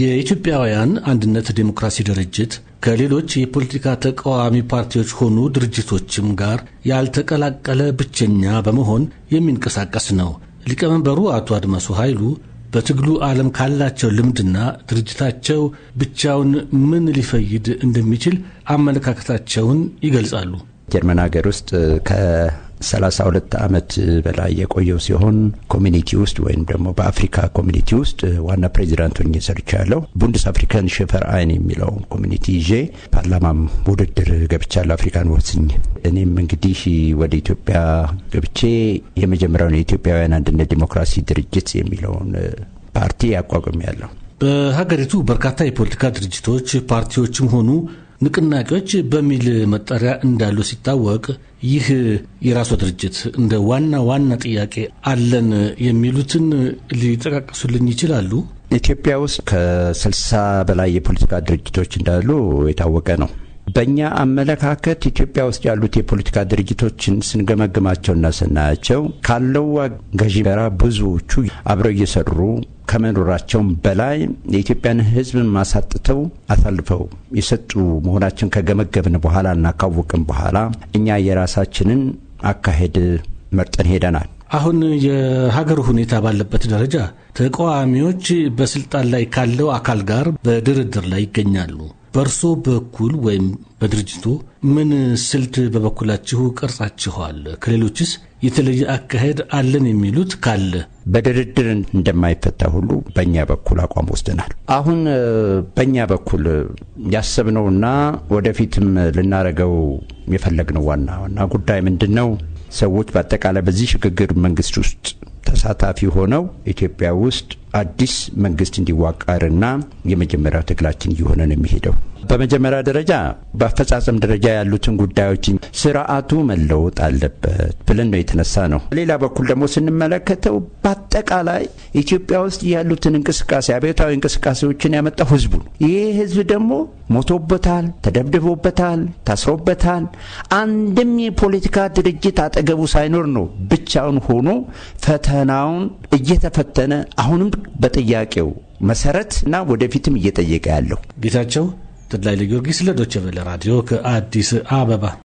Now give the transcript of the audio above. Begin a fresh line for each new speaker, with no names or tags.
የኢትዮጵያውያን አንድነት ዴሞክራሲ ድርጅት ከሌሎች የፖለቲካ ተቃዋሚ ፓርቲዎች ሆኑ ድርጅቶችም ጋር ያልተቀላቀለ ብቸኛ በመሆን የሚንቀሳቀስ ነው። ሊቀመንበሩ አቶ አድማሱ ኃይሉ በትግሉ ዓለም ካላቸው ልምድና ድርጅታቸው ብቻውን ምን ሊፈይድ እንደሚችል አመለካከታቸውን ይገልጻሉ።
ጀርመን ሀገር ውስጥ 32 ዓመት በላይ የቆየው ሲሆን ኮሚኒቲ ውስጥ ወይም ደግሞ በአፍሪካ ኮሚኒቲ ውስጥ ዋና ፕሬዚዳንት ሆኜ ሰርቻለሁ። ቡንድስ አፍሪካን ሽፈር አይን የሚለው ኮሚኒቲ ይዤ ፓርላማም ውድድር ገብቻለሁ። አፍሪካን ወስኝ እኔም እንግዲህ ወደ ኢትዮጵያ ገብቼ የመጀመሪያውን የኢትዮጵያውያን አንድነት ዲሞክራሲ ድርጅት የሚለውን ፓርቲ ያለው
በሀገሪቱ በርካታ የፖለቲካ ድርጅቶች ፓርቲዎችም ሆኑ ንቅናቄዎች በሚል መጠሪያ እንዳሉ ሲታወቅ ይህ የራሷ ድርጅት እንደ ዋና ዋና ጥያቄ አለን የሚሉትን ሊጠቃቅሱልኝ ይችላሉ?
ኢትዮጵያ ውስጥ ከስልሳ በላይ የፖለቲካ ድርጅቶች እንዳሉ የታወቀ ነው። በእኛ አመለካከት ኢትዮጵያ ውስጥ ያሉት የፖለቲካ ድርጅቶችን ስንገመግማቸውና ስናያቸው ካለው ገዢ ጋራ ብዙዎቹ አብረው እየሰሩ ከመኖራቸውም በላይ የኢትዮጵያን ሕዝብ ማሳጥተው አሳልፈው የሰጡ መሆናችን ከገመገብን በኋላ እና ካወቅን በኋላ እኛ የራሳችንን አካሄድ መርጠን ሄደናል።
አሁን የሀገር ሁኔታ ባለበት ደረጃ ተቃዋሚዎች በስልጣን ላይ ካለው አካል ጋር በድርድር ላይ ይገኛሉ። በእርሶ በኩል ወይም በድርጅቱ ምን ስልት በበኩላችሁ ቀርጻችኋል? ከሌሎችስ የተለየ አካሄድ አለን
የሚሉት ካለ በድርድር እንደማይፈታ ሁሉ በእኛ በኩል አቋም ወስደናል። አሁን በእኛ በኩል ያሰብነውና ወደፊትም ልናረገው የፈለግነው ዋና ዋና ጉዳይ ምንድን ነው? ሰዎች በአጠቃላይ በዚህ ሽግግር መንግስት ውስጥ ተሳታፊ ሆነው ኢትዮጵያ ውስጥ አዲስ መንግስት እንዲዋቀርና የመጀመሪያው ትግላችን እየሆነ ነው የሚሄደው። በመጀመሪያ ደረጃ በአፈጻጸም ደረጃ ያሉትን ጉዳዮችን ስርዓቱ መለወጥ አለበት ብለን ነው የተነሳ ነው። በሌላ በኩል ደግሞ ስንመለከተው በአጠቃላይ ኢትዮጵያ ውስጥ ያሉትን እንቅስቃሴ አብዮታዊ እንቅስቃሴዎችን ያመጣው ህዝቡ ነው። ይህ ህዝብ ደግሞ ሞቶበታል፣ ተደብድቦበታል፣ ታስሮበታል። አንድም የፖለቲካ ድርጅት አጠገቡ ሳይኖር ነው ብቻውን ሆኖ ፈተናውን እየተፈተነ አሁንም በጥያቄው መሰረት እና ወደፊትም እየጠየቀ ያለው ጌታቸው ተድላይ ለጊዮርጊስ ለዶቸቬለ ራዲዮ ከአዲስ
አበባ